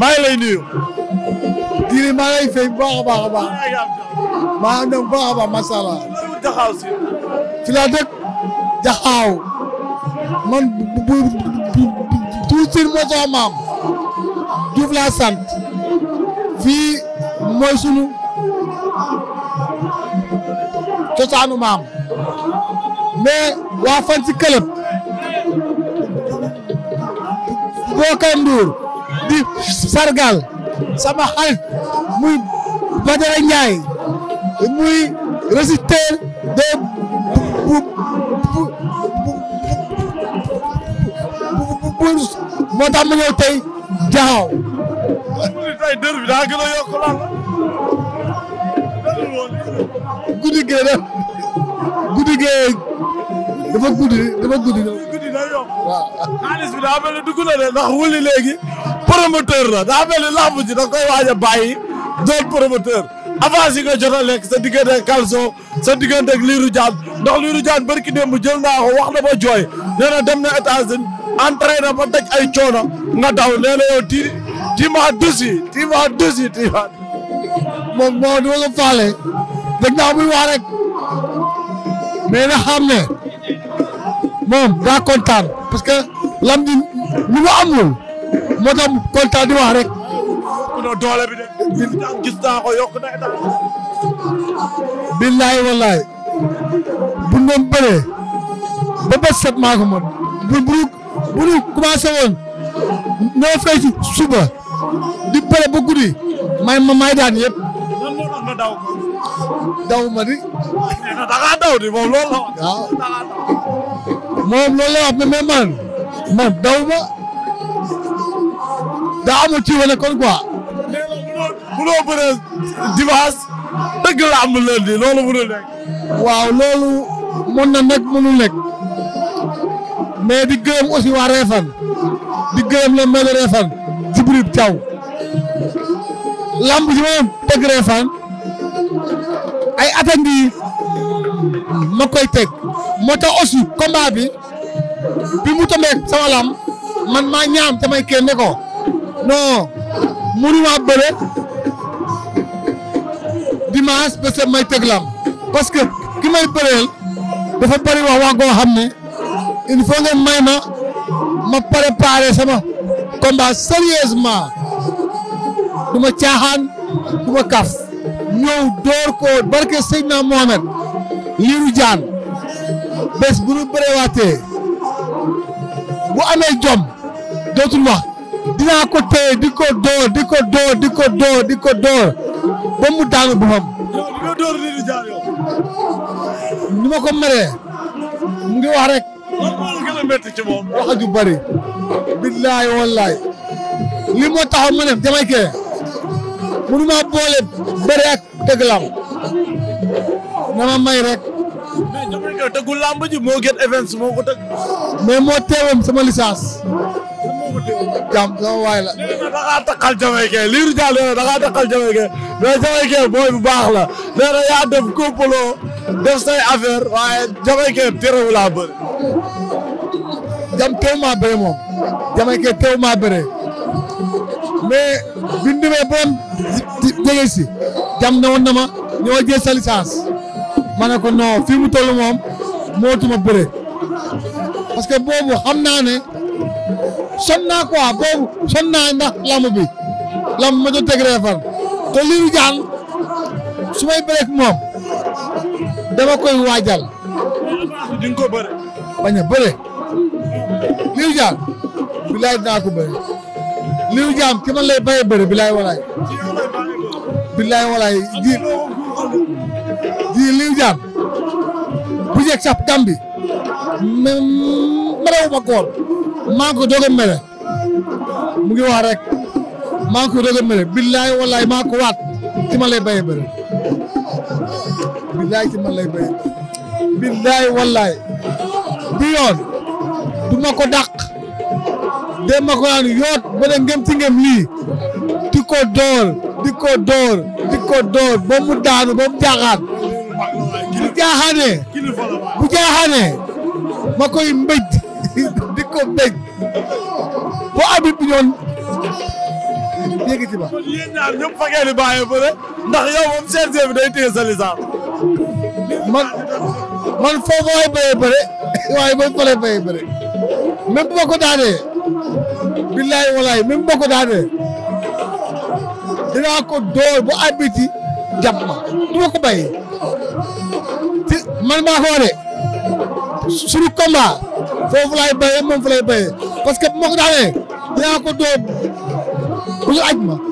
maa ngi lay nuyu. diir maa ngi lay fay bu baax baax baax. maa ngi baax baax macha allah. dëkk. jaxaaw. man bu bu moo sama maam. Diouf laa sant. fii mooy sunu cosaanu maam. mais waa këlëb. boo kan Ndour. di sargal sama xarit muy Badara Ndiaye muy réciteur de bu bu bu moo tax ma ñëw tey jaxaw. tey dër bi daa gën a yokk lan la. guddi gee da guddi gee dafa guddi dafa guddi. guddi day yokk waaw. xaalis bi daa mel ne dugg na de ndax wuli léegi. promoteur la daa mel ni làmb ji da koy waaj a bàyyi promoteur avance yi nga jot a lekk sa diggante ak Calcio sa diggante ak Lirou Diane ndax Lirou Diane barki démb jël naa ko wax na ba jooy nee dem na États-Unis entraîné ba daj ay coono nga daw nee na yow ti ti ma dusi ti dusi ti ma moom moo duma ko faale dëgg naa muy wax rek mais na xam moom daa kontaan parce que lam di lu mu amul moo tax kontaan di wax rek. non doole bu ñu doon ba bët set maa ko mën. bu bu bu ñu commencé suba. di bëre ba guddi. may ma may daan yëpp. lan daw. ma di. moom loolu la wax. waaw moom loolu daw ma. daa amul ci wane kon quoi. mais loolu mënoo mënoo bëree am lundi loolu mënul nekk. waaw loolu mën na nekk mënul nekk mais di gërëm aussi waa Réfane di gërëm la mel Réfane Jibril Thiaw lamb ji ma teg Réfane ay atandi ma koy teg moo tax aussi combat bi mu tombé sama lam man maa ñaam tamay kenn ne non mënuma bëre dimanche ba may tëg lam parce que ki may bëreel dafa bari wax wax ne il faut ngeen ma ma préparer sama combat sérieusement du ma caaxaan du ma kaf ñëw door koo barke Seydina Mohamed liiru jaan bés bu nu bëreewaatee bu amee jom dootul dinaa ko téye di ko dóor di ko dóor di ko dóor di ko dóor ba mu daanu boppam. yow di ko meree mu ngi wax rek. man a ju bëri. billaay wallaay. li moo taxaw ma ne damay kee. mënu maa boole bëri ak dëgg lam na ma may rek. mais jamono jii moo gën events moo ko tëgg. mais moo teewoon sama licence. jàmm sama waay la. nee takkal Jamaïcain Lirou Diane booy bu baax la yaa def complot def say affaire waaye Jamaïcain terewu laa bëri. jam teew maa bëre moom Jamaïcain teew maa bëre mais bi mu demee jam ne woon ma ñoo jël sa licence ma ne ko mu toll moom mootuma bëre parce que boobu xam naa sonn naa quoi boobu sonn naa ndax lamb bi fan te Lirou Diane su may bëreeg moom dama koy waajal. di nga ko bëre. bañ a bëre Lirou Diane bilaay dinaa ko bëre Lirou Diane ki man lay bayee bëre bilaay walaay bilaay walaay ma ma maa ngi a mele mu ngi wax rek maa ngi mele billaay wallaay maa waat ci ma lay béyee bëri bi yoon du ma ko dàq de ma ko yoot ba ne ngëm ci door di door di door ba daanu ba mu jaaxaan bu jaaxaanee bu ko bëgg boo abit bi ñoon yëkkati ba. kon yéen ñaar ndax yow moom CNG bi day téye sa man man foofu mooy béyee waaye man fa lay béyee bëre même billaay walaay même bu dinaa ko door bu abiti jàpp ma du ma ko bàyyi man maa ko wane foofu laay béyee moom fa lay béyee parce que bu ma ko daanee dinaa ko dóor bu ñu aj ma.